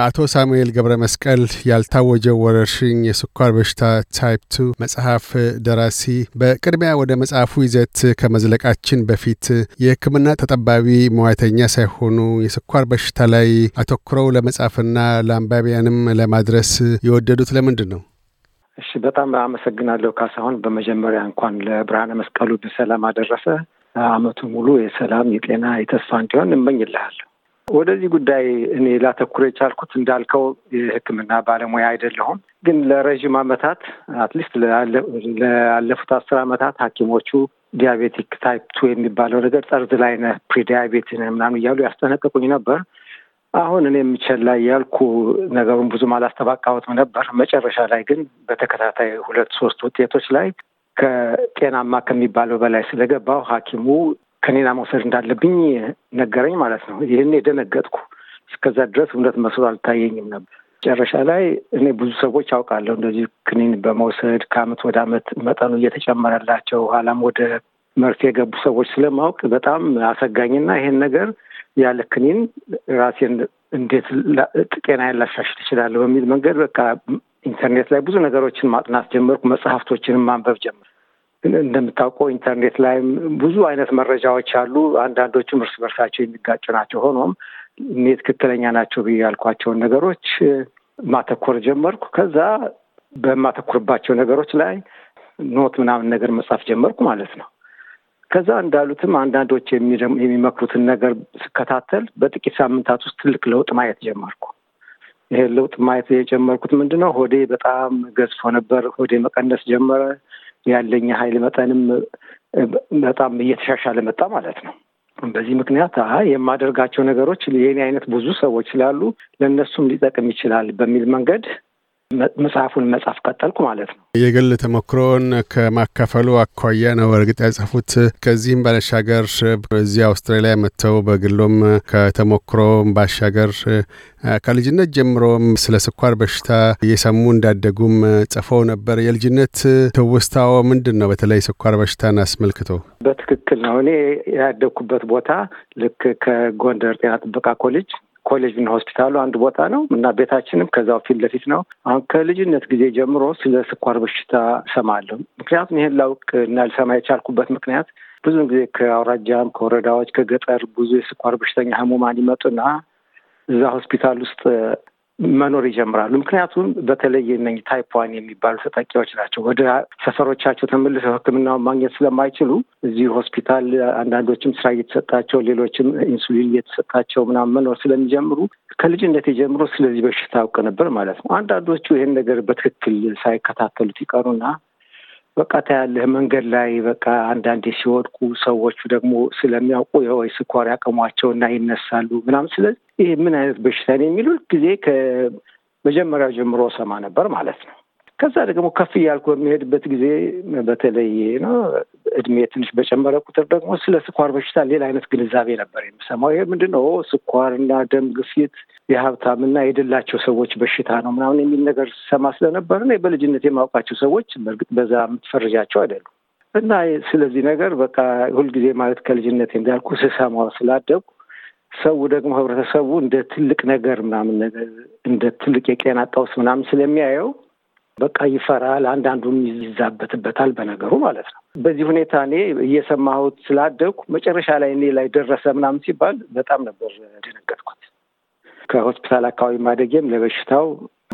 አቶ ሳሙኤል ገብረ መስቀል ያልታወጀው ወረርሽኝ የስኳር በሽታ ታይፕ ቱ መጽሐፍ ደራሲ፣ በቅድሚያ ወደ መጽሐፉ ይዘት ከመዝለቃችን በፊት የሕክምና ተጠባቢ መዋተኛ ሳይሆኑ የስኳር በሽታ ላይ አተኩረው ለመጻፍና ለአንባቢያንም ለማድረስ የወደዱት ለምንድን ነው? እሺ፣ በጣም አመሰግናለሁ ካሳሁን። በመጀመሪያ እንኳን ለብርሃነ መስቀሉ በሰላም አደረሰ። አመቱ ሙሉ የሰላም የጤና የተስፋ እንዲሆን እመኝልሃለሁ። ወደዚህ ጉዳይ እኔ ላተኩር የቻልኩት እንዳልከው የሕክምና ባለሙያ አይደለሁም። ግን ለረዥም ዓመታት አትሊስት ላለፉት አስር ዓመታት ሐኪሞቹ ዲያቤቲክ ታይፕ ቱ የሚባለው ነገር ጠርዝ ላይ ነ ፕሪዲያቤት ነህ ምናምን እያሉ ያስጠነቀቁኝ ነበር። አሁን እኔ እኔም ላይ ያልኩ ነገሩን ብዙም አላስተባቃወትም ነበር። መጨረሻ ላይ ግን በተከታታይ ሁለት ሶስት ውጤቶች ላይ ከጤናማ ከሚባለው በላይ ስለገባው ሐኪሙ ከኔና መውሰድ እንዳለብኝ ነገረኝ ማለት ነው። ይህን የደነገጥኩ እስከዛ ድረስ እውነት መስሎ አልታየኝም ነበር። መጨረሻ ላይ እኔ ብዙ ሰዎች አውቃለሁ እንደዚህ ክኒን በመውሰድ ከአመት ወደ አመት መጠኑ እየተጨመረላቸው ኋላም ወደ መርፌ የገቡ ሰዎች ስለማወቅ በጣም አሰጋኝና ይሄን ነገር ያለ ክኒን ራሴን እንዴት ጤናዬን ላሻሽል እችላለሁ በሚል መንገድ በቃ ኢንተርኔት ላይ ብዙ ነገሮችን ማጥናት ጀመርኩ። መጽሐፍቶችንም ማንበብ ጀመር። እንደምታውቀው ኢንተርኔት ላይም ብዙ አይነት መረጃዎች አሉ። አንዳንዶቹም እርስ በርሳቸው የሚጋጩ ናቸው። ሆኖም እኔ ትክክለኛ ናቸው ብዬ ያልኳቸውን ነገሮች ማተኮር ጀመርኩ። ከዛ በማተኩርባቸው ነገሮች ላይ ኖት ምናምን ነገር መጻፍ ጀመርኩ ማለት ነው። ከዛ እንዳሉትም አንዳንዶች የሚመክሩትን ነገር ስከታተል በጥቂት ሳምንታት ውስጥ ትልቅ ለውጥ ማየት ጀመርኩ። ይሄ ለውጥ ማየት የጀመርኩት ምንድነው ሆዴ በጣም ገዝፎ ነበር። ሆዴ መቀነስ ጀመረ። ያለኝ ኃይል መጠንም በጣም እየተሻሻለ መጣ ማለት ነው። በዚህ ምክንያት የማደርጋቸው ነገሮች የኔ አይነት ብዙ ሰዎች ስላሉ ለእነሱም ሊጠቅም ይችላል በሚል መንገድ መጽሐፉን መጻፍ ቀጠልኩ ማለት ነው። የግል ተሞክሮን ከማካፈሉ አኳያ ነው እርግጥ ያጻፉት። ከዚህም ባሻገር እዚህ አውስትራሊያ መጥተው በግሎም ከተሞክሮ ባሻገር ከልጅነት ጀምሮም ስለ ስኳር በሽታ እየሰሙ እንዳደጉም ጽፈው ነበር። የልጅነት ትውስታዎ ምንድን ነው? በተለይ ስኳር በሽታን አስመልክቶ። በትክክል ነው። እኔ ያደግኩበት ቦታ ልክ ከጎንደር ጤና ጥበቃ ኮሌጅ ኮሌጅና ሆስፒታሉ አንድ ቦታ ነው እና ቤታችንም ከዛው ፊት ለፊት ነው። አሁን ከልጅነት ጊዜ ጀምሮ ስለ ስኳር በሽታ ሰማለሁ። ምክንያቱም ይህን ላውቅ እና ልሰማ የቻልኩበት ምክንያት ብዙውን ጊዜ ከአውራጃም ከወረዳዎች ከገጠር ብዙ የስኳር በሽተኛ ህሙማን ይመጡና እዛ ሆስፒታል ውስጥ መኖር ይጀምራሉ። ምክንያቱም በተለይ ነ ታይፕ ዋን የሚባሉ ተጠቂዎች ናቸው። ወደ ሰፈሮቻቸው ተመልሰው ሕክምናውን ማግኘት ስለማይችሉ እዚህ ሆስፒታል አንዳንዶችም ስራ እየተሰጣቸው፣ ሌሎችም ኢንሱሊን እየተሰጣቸው ምናምን መኖር ስለሚጀምሩ ከልጅነት ጀምሮ ስለዚህ በሽታ አውቅ ነበር ማለት ነው። አንዳንዶቹ ይህን ነገር በትክክል ሳይከታተሉት ይቀሩና በቃ ታያለህ መንገድ ላይ በቃ አንዳንዴ ሲወድቁ ሰዎቹ ደግሞ ስለሚያውቁ ወይ ስኳር እና ይነሳሉ ምናምን። ስለዚህ ይህ ምን አይነት በሽታ ነው የሚሉ ጊዜ ከመጀመሪያው ጀምሮ ሰማ ነበር ማለት ነው። ከዛ ደግሞ ከፍ እያልኩ በሚሄድበት ጊዜ በተለይ ነው እድሜ ትንሽ በጨመረ ቁጥር ደግሞ ስለ ስኳር በሽታ ሌላ አይነት ግንዛቤ ነበር የምሰማው። ይሄ ምንድን ነው ስኳርና ደም ግፊት የሀብታምና የደላቸው ሰዎች በሽታ ነው ምናምን የሚል ነገር ሰማ ስለነበር ነው በልጅነት የማውቃቸው ሰዎች በእርግጥ በዛ የምትፈርጃቸው አይደሉም። እና ስለዚህ ነገር በቃ ሁልጊዜ ማለት ከልጅነት እንዳልኩ ስሰማው ስላደጉ ሰው ደግሞ ህብረተሰቡ እንደ ትልቅ ነገር ምናምን ነገር እንደ ትልቅ የጤና ጠውስ ምናምን ስለሚያየው በቃ ይፈራል። አንዳንዱም ይዛበትበታል በነገሩ ማለት ነው። በዚህ ሁኔታ እኔ እየሰማሁት ስላደግኩ መጨረሻ ላይ እኔ ላይ ደረሰ ምናምን ሲባል በጣም ነበር ደነገጥኩት። ከሆስፒታል አካባቢ ማደጌም ለበሽታው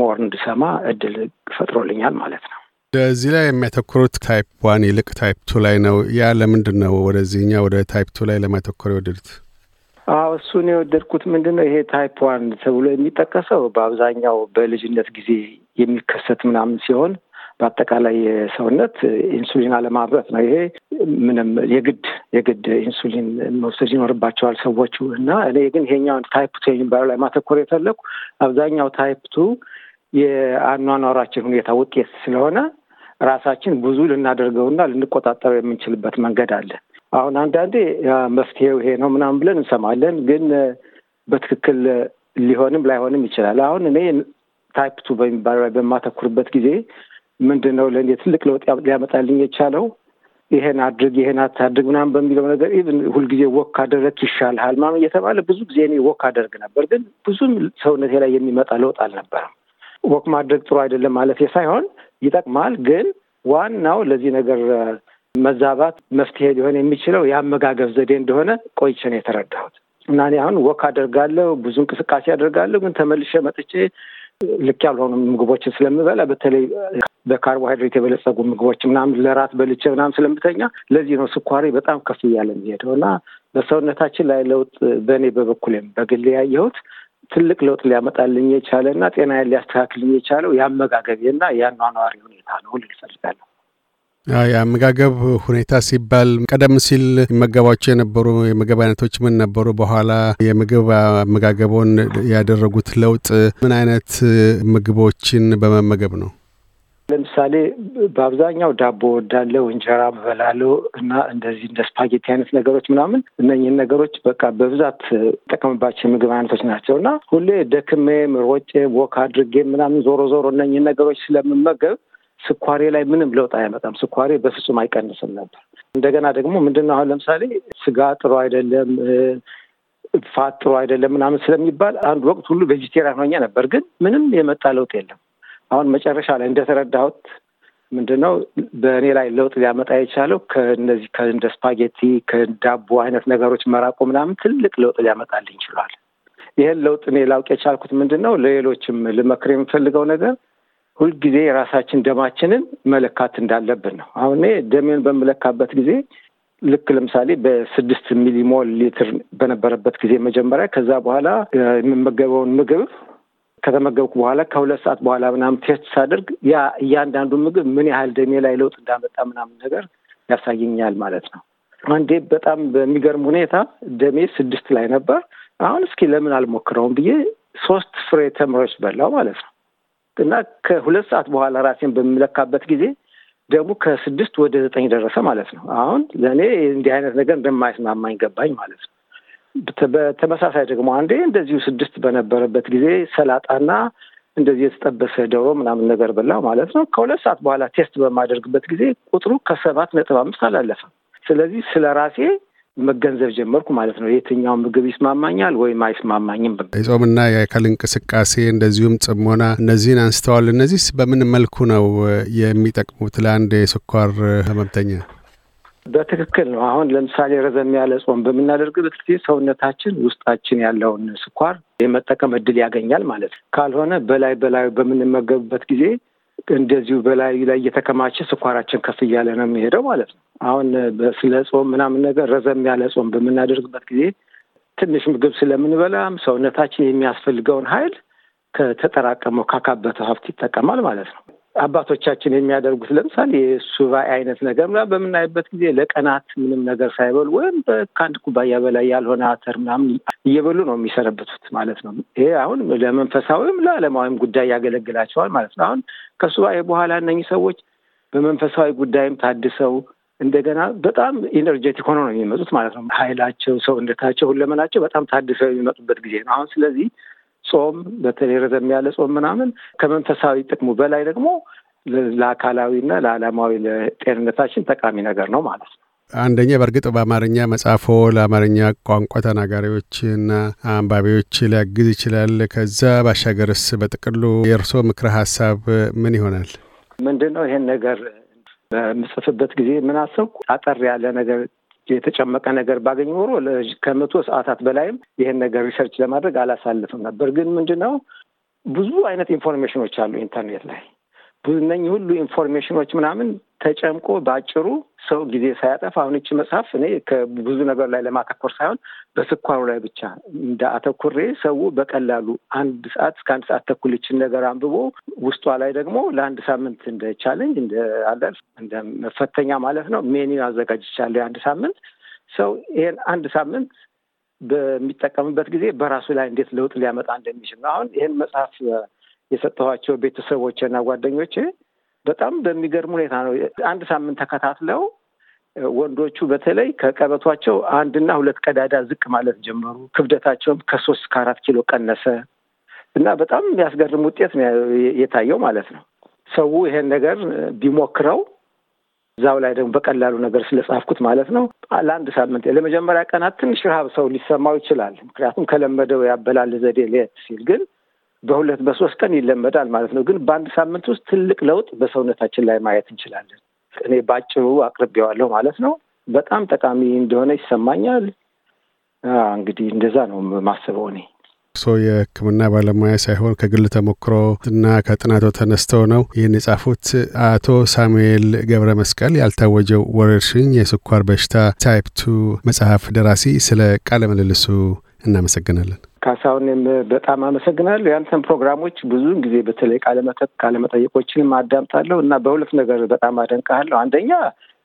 ሞር እንድሰማ እድል ፈጥሮልኛል ማለት ነው። ወደዚህ ላይ የሚያተኩሩት ታይፕ ዋን ይልቅ ታይፕ ቱ ላይ ነው። ያ ለምንድን ነው ወደዚህኛ ወደ ታይፕ ቱ ላይ ለማተኮር የወደዱት? አዎ እሱን የወደድኩት ምንድን ነው ይሄ ታይፕ ዋን ተብሎ የሚጠቀሰው በአብዛኛው በልጅነት ጊዜ የሚከሰት ምናምን ሲሆን በአጠቃላይ የሰውነት ኢንሱሊን አለማምረት ነው። ይሄ ምንም የግድ የግድ ኢንሱሊን መውሰድ ይኖርባቸዋል ሰዎቹ እና እኔ ግን ይሄኛውን ታይፕ ቱ የሚባለው ላይ ማተኮር የፈለኩ አብዛኛው ታይፕ ቱ የአኗኗራችን ሁኔታ ውጤት ስለሆነ ራሳችን ብዙ ልናደርገውና ልንቆጣጠረው የምንችልበት መንገድ አለ። አሁን አንዳንዴ መፍትሄው ይሄ ነው ምናምን ብለን እንሰማለን፣ ግን በትክክል ሊሆንም ላይሆንም ይችላል። አሁን እኔ ታይፕ ቱ በሚባለው ላይ በማተኩርበት ጊዜ ምንድን ነው ለእኔ ትልቅ ለውጥ ሊያመጣልኝ የቻለው ይሄን አድርግ ይሄን አታድርግ ምናምን በሚለው ነገር ኢቭን ሁልጊዜ ወክ አደረግ ይሻልሃል ምናምን እየተባለ ብዙ ጊዜ እኔ ወክ አደርግ ነበር፣ ግን ብዙም ሰውነቴ ላይ የሚመጣ ለውጥ አልነበረም። ወክ ማድረግ ጥሩ አይደለም ማለት ሳይሆን ይጠቅማል፣ ግን ዋናው ለዚህ ነገር መዛባት መፍትሄ ሊሆን የሚችለው የአመጋገብ ዘዴ እንደሆነ ቆይቼ ነው የተረዳሁት። እና እኔ አሁን ወክ አደርጋለሁ፣ ብዙ እንቅስቃሴ አደርጋለሁ፣ ግን ተመልሼ መጥቼ ልክ ያልሆኑ ምግቦችን ስለምበላ በተለይ በካርቦሃይድሬት የበለጸጉ ምግቦች ምናምን ለራት በልቼ ምናምን ስለምተኛ ለዚህ ነው ስኳሪ በጣም ከፍ እያለ የሚሄደው እና በሰውነታችን ላይ ለውጥ በእኔ በበኩሌም በግል ያየሁት ትልቅ ለውጥ ሊያመጣልኝ የቻለ እና ጤናዬን ሊያስተካክልኝ የቻለው የአመጋገቤ እና የአኗኗሪ ሁኔታ ነው ልል እፈልጋለሁ። የአመጋገብ ሁኔታ ሲባል ቀደም ሲል መገባቸው የነበሩ የምግብ አይነቶች ምን ነበሩ? በኋላ የምግብ አመጋገቦን ያደረጉት ለውጥ ምን አይነት ምግቦችን በመመገብ ነው? ለምሳሌ በአብዛኛው ዳቦ ወዳለው እንጀራ በላለው እና እንደዚህ እንደ ስፓጌቲ አይነት ነገሮች ምናምን እነኝህን ነገሮች በቃ በብዛት ጠቀምባቸው የምግብ አይነቶች ናቸው እና ሁሌ ደክሜ ምሮጬ ወክ አድርጌ ምናምን ዞሮ ዞሮ እነኝህን ነገሮች ስለምመገብ ስኳሬ ላይ ምንም ለውጥ አያመጣም። ስኳሬ በፍጹም አይቀንስም ነበር። እንደገና ደግሞ ነው አሁን ለምሳሌ ስጋ ጥሩ አይደለም፣ ፋት ጥሩ አይደለም ምናምን ስለሚባል አንድ ወቅት ሁሉ ቬጂቴሪያን ሆኜ ነበር፣ ግን ምንም የመጣ ለውጥ የለም። አሁን መጨረሻ ላይ እንደተረዳሁት ምንድነው በእኔ ላይ ለውጥ ሊያመጣ የቻለው ከነዚህ ከእንደ ስፓጌቲ ከዳቦ አይነት ነገሮች መራቁ ምናምን ትልቅ ለውጥ ሊያመጣልኝ ችሏል። ይህን ለውጥ እኔ ላውቅ የቻልኩት ምንድን ነው ለሌሎችም ልመክር የምፈልገው ነገር ሁልጊዜ የራሳችን ደማችንን መለካት እንዳለብን ነው። አሁን ደሜን በምለካበት ጊዜ ልክ ለምሳሌ በስድስት ሚሊሞል ሊትር በነበረበት ጊዜ መጀመሪያ፣ ከዛ በኋላ የምመገበውን ምግብ ከተመገብኩ በኋላ ከሁለት ሰዓት በኋላ ምናምን ቴስት ሳደርግ ያ እያንዳንዱ ምግብ ምን ያህል ደሜ ላይ ለውጥ እንዳመጣ ምናምን ነገር ያሳየኛል ማለት ነው። አንዴ በጣም በሚገርም ሁኔታ ደሜ ስድስት ላይ ነበር። አሁን እስኪ ለምን አልሞክረውም ብዬ ሶስት ፍሬ ተምሮች በላው ማለት ነው። እና ከሁለት ሰዓት በኋላ ራሴን በምለካበት ጊዜ ደግሞ ከስድስት ወደ ዘጠኝ ደረሰ ማለት ነው። አሁን ለእኔ እንዲህ አይነት ነገር እንደማይስማማኝ ገባኝ ማለት ነው። በተመሳሳይ ደግሞ አንዴ እንደዚሁ ስድስት በነበረበት ጊዜ ሰላጣና እንደዚህ የተጠበሰ ዶሮ ምናምን ነገር በላው ማለት ነው። ከሁለት ሰዓት በኋላ ቴስት በማደርግበት ጊዜ ቁጥሩ ከሰባት ነጥብ አምስት አላለፈም። ስለዚህ ስለ ራሴ መገንዘብ ጀመርኩ ማለት ነው። የትኛው ምግብ ይስማማኛል ወይም አይስማማኝም። የጾምና የአካል እንቅስቃሴ እንደዚሁም ጽሞና እነዚህን አንስተዋል። እነዚህስ በምን መልኩ ነው የሚጠቅሙት ለአንድ የስኳር ህመምተኛ? በትክክል ነው። አሁን ለምሳሌ ረዘም ያለ ጾም በምናደርግበት ጊዜ ሰውነታችን ውስጣችን ያለውን ስኳር የመጠቀም እድል ያገኛል ማለት ነው። ካልሆነ በላይ በላይ በምንመገብበት ጊዜ እንደዚሁ በላዩ ላይ እየተከማቸ ስኳራችን ከፍ እያለ ነው የሚሄደው ማለት ነው። አሁን ስለ ጾም ምናምን ነገር ረዘም ያለ ጾም በምናደርግበት ጊዜ ትንሽ ምግብ ስለምንበላም ሰውነታችን የሚያስፈልገውን ኃይል ከተጠራቀመው ካካበተው ሀብት ይጠቀማል ማለት ነው። አባቶቻችን የሚያደርጉት ለምሳሌ የሱባኤ አይነት ነገር ምናምን በምናይበት ጊዜ ለቀናት ምንም ነገር ሳይበሉ ወይም ከአንድ ኩባያ በላይ ያልሆነ አተር ምናምን እየበሉ ነው የሚሰነበቱት ማለት ነው። ይሄ አሁን ለመንፈሳዊም ለዓለማዊም ጉዳይ ያገለግላቸዋል ማለት ነው። አሁን ከሱባኤ በኋላ እነኚህ ሰዎች በመንፈሳዊ ጉዳይም ታድሰው እንደገና በጣም ኢነርጀቲክ ሆነው ነው የሚመጡት ማለት ነው። ኃይላቸው፣ ሰውነታቸው፣ ሁለመናቸው በጣም ታድሰው የሚመጡበት ጊዜ ነው አሁን ስለዚህ ጾም በተለይ ረዘም ያለ ጾም ምናምን ከመንፈሳዊ ጥቅሙ በላይ ደግሞ ለአካላዊና ለዓላማዊ ለጤንነታችን ጠቃሚ ነገር ነው ማለት ነው። አንደኛ በእርግጥ በአማርኛ መጻፎ ለአማርኛ ቋንቋ ተናጋሪዎችና አንባቢዎች ሊያግዝ ይችላል። ከዛ ባሻገርስ በጥቅሉ የእርስዎ ምክረ ሀሳብ ምን ይሆናል? ምንድን ነው ይሄን ነገር በምጽፍበት ጊዜ ምን አሰብኩ፣ አጠር ያለ ነገር የተጨመቀ ነገር ባገኝ ኖሮ ከመቶ ሰዓታት በላይም ይሄን ነገር ሪሰርች ለማድረግ አላሳልፍም ነበር። ግን ምንድን ነው ብዙ አይነት ኢንፎርሜሽኖች አሉ ኢንተርኔት ላይ እነኝህ ሁሉ ኢንፎርሜሽኖች ምናምን ተጨምቆ በአጭሩ ሰው ጊዜ ሳያጠፍ አሁን እቺ መጽሐፍ እኔ ከብዙ ነገር ላይ ለማተኮር ሳይሆን በስኳሩ ላይ ብቻ እንደ አተኩሬ ሰው በቀላሉ አንድ ሰዓት እስከ አንድ ሰዓት ተኩል ይችን ነገር አንብቦ ውስጧ ላይ ደግሞ ለአንድ ሳምንት እንደ ቻለንጅ እንደ አለ እንደ መፈተኛ ማለት ነው ሜኒ አዘጋጅቻለሁ የአንድ ሳምንት ሰው ይሄን አንድ ሳምንት በሚጠቀምበት ጊዜ በራሱ ላይ እንዴት ለውጥ ሊያመጣ እንደሚችል ነው። አሁን ይህን መጽሐፍ የሰጠኋቸው ቤተሰቦቼና ጓደኞቼ በጣም በሚገርም ሁኔታ ነው። አንድ ሳምንት ተከታትለው ወንዶቹ በተለይ ከቀበቷቸው አንድና ሁለት ቀዳዳ ዝቅ ማለት ጀመሩ። ክብደታቸውም ከሶስት ከአራት ኪሎ ቀነሰ እና በጣም የሚያስገርም ውጤት የታየው ማለት ነው። ሰው ይሄን ነገር ቢሞክረው እዛው ላይ ደግሞ በቀላሉ ነገር ስለጻፍኩት ማለት ነው። ለአንድ ሳምንት ለመጀመሪያ ቀናት ትንሽ ረሃብ ሰው ሊሰማው ይችላል። ምክንያቱም ከለመደው ያበላል ዘዴ ሌት ሲል ግን በሁለት በሶስት ቀን ይለመዳል ማለት ነው። ግን በአንድ ሳምንት ውስጥ ትልቅ ለውጥ በሰውነታችን ላይ ማየት እንችላለን። እኔ በአጭሩ አቅርቤዋለሁ ማለት ነው። በጣም ጠቃሚ እንደሆነ ይሰማኛል። እንግዲህ እንደዛ ነው ማስበው እኔ እርስዎ የሕክምና ባለሙያ ሳይሆን ከግል ተሞክሮ እና ከጥናቶ ተነስተው ነው ይህን የጻፉት። አቶ ሳሙኤል ገብረ መስቀል ያልታወጀው ወረርሽኝ የስኳር በሽታ ታይፕ ቱ መጽሐፍ ደራሲ፣ ስለ ቃለ ምልልሱ እናመሰግናለን። ካሳሁን በጣም አመሰግናለሁ። ያንተን ፕሮግራሞች ብዙውን ጊዜ በተለይ ቃለመጠ ቃለመጠይቆችንም እና በሁለት ነገር በጣም አደንቃለሁ። አንደኛ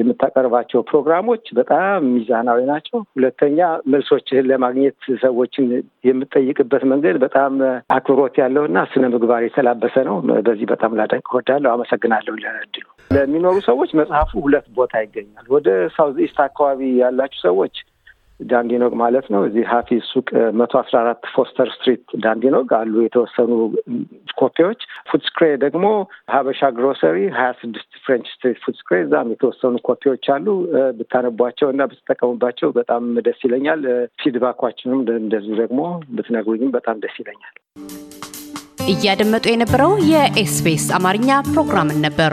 የምታቀርባቸው ፕሮግራሞች በጣም ሚዛናዊ ናቸው። ሁለተኛ መልሶችህን ለማግኘት ሰዎችን የምጠይቅበት መንገድ በጣም አክብሮት ያለው እና ስነ ምግባር የተላበሰ ነው። በዚህ በጣም ላደንቅ እወዳለሁ። አመሰግናለሁ ለእድሉ። ለሚኖሩ ሰዎች መጽሐፉ ሁለት ቦታ ይገኛል። ወደ ሳውዝ ኢስት አካባቢ ያላችሁ ሰዎች ዳንዲኖግ ማለት ነው። እዚህ ሀፊ ሱቅ መቶ አስራ አራት ፎስተር ስትሪት ዳንዲኖግ አሉ የተወሰኑ ኮፒዎች። ፉትስክሬ ደግሞ ሀበሻ ግሮሰሪ ሀያ ስድስት ፍሬንች ስትሪት ፉትስክሬ፣ እዛም የተወሰኑ ኮፒዎች አሉ። ብታነቧቸው እና ብትጠቀሙባቸው በጣም ደስ ይለኛል። ፊድባኳችንም እንደዚሁ ደግሞ ብትነግሩኝም በጣም ደስ ይለኛል። እያደመጡ የነበረው የኤስቢኤስ አማርኛ ፕሮግራምን ነበር።